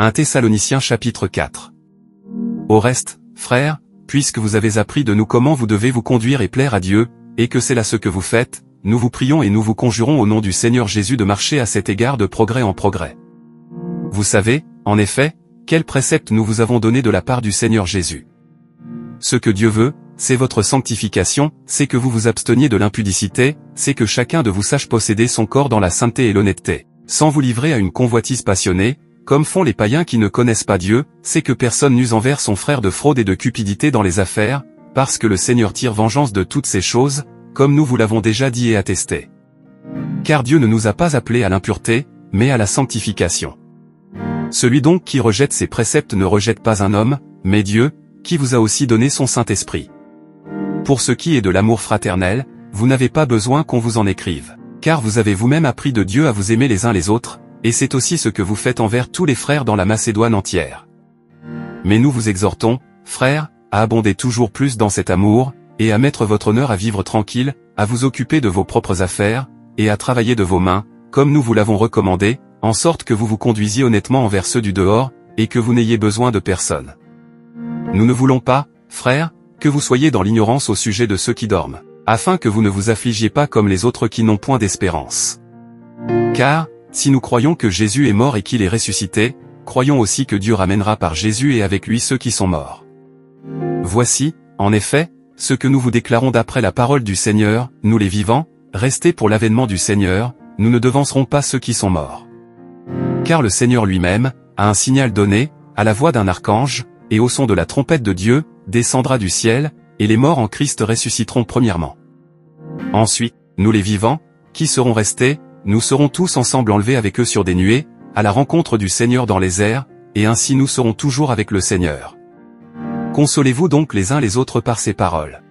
1 Thessaloniciens chapitre 4. Au reste, frères, puisque vous avez appris de nous comment vous devez vous conduire et plaire à Dieu, et que c'est là ce que vous faites, nous vous prions et nous vous conjurons au nom du Seigneur Jésus de marcher à cet égard de progrès en progrès. Vous savez, en effet, quel précepte nous vous avons donné de la part du Seigneur Jésus. Ce que Dieu veut, c'est votre sanctification, c'est que vous vous absteniez de l'impudicité, c'est que chacun de vous sache posséder son corps dans la sainteté et l'honnêteté, sans vous livrer à une convoitise passionnée, comme font les païens qui ne connaissent pas Dieu, c'est que personne n'use envers son frère de fraude et de cupidité dans les affaires, parce que le Seigneur tire vengeance de toutes ces choses, comme nous vous l'avons déjà dit et attesté. Car Dieu ne nous a pas appelés à l'impureté, mais à la sanctification. Celui donc qui rejette ses préceptes ne rejette pas un homme, mais Dieu, qui vous a aussi donné son Saint-Esprit. Pour ce qui est de l'amour fraternel, vous n'avez pas besoin qu'on vous en écrive. Car vous avez vous-même appris de Dieu à vous aimer les uns les autres, et c'est aussi ce que vous faites envers tous les frères dans la Macédoine entière. Mais nous vous exhortons, frères, à abonder toujours plus dans cet amour, et à mettre votre honneur à vivre tranquille, à vous occuper de vos propres affaires, et à travailler de vos mains, comme nous vous l'avons recommandé, en sorte que vous vous conduisiez honnêtement envers ceux du dehors, et que vous n'ayez besoin de personne. Nous ne voulons pas, frères, que vous soyez dans l'ignorance au sujet de ceux qui dorment, afin que vous ne vous affligiez pas comme les autres qui n'ont point d'espérance. Car, si nous croyons que Jésus est mort et qu'il est ressuscité, croyons aussi que Dieu ramènera par Jésus et avec lui ceux qui sont morts. Voici, en effet, ce que nous vous déclarons d'après la parole du Seigneur, nous les vivants, restés pour l'avènement du Seigneur, nous ne devancerons pas ceux qui sont morts. Car le Seigneur lui-même, à un signal donné, à la voix d'un archange, et au son de la trompette de Dieu, descendra du ciel, et les morts en Christ ressusciteront premièrement. Ensuite, nous les vivants, qui serons restés, nous serons tous ensemble enlevés avec eux sur des nuées, à la rencontre du Seigneur dans les airs, et ainsi nous serons toujours avec le Seigneur. Consolez-vous donc les uns les autres par ces paroles.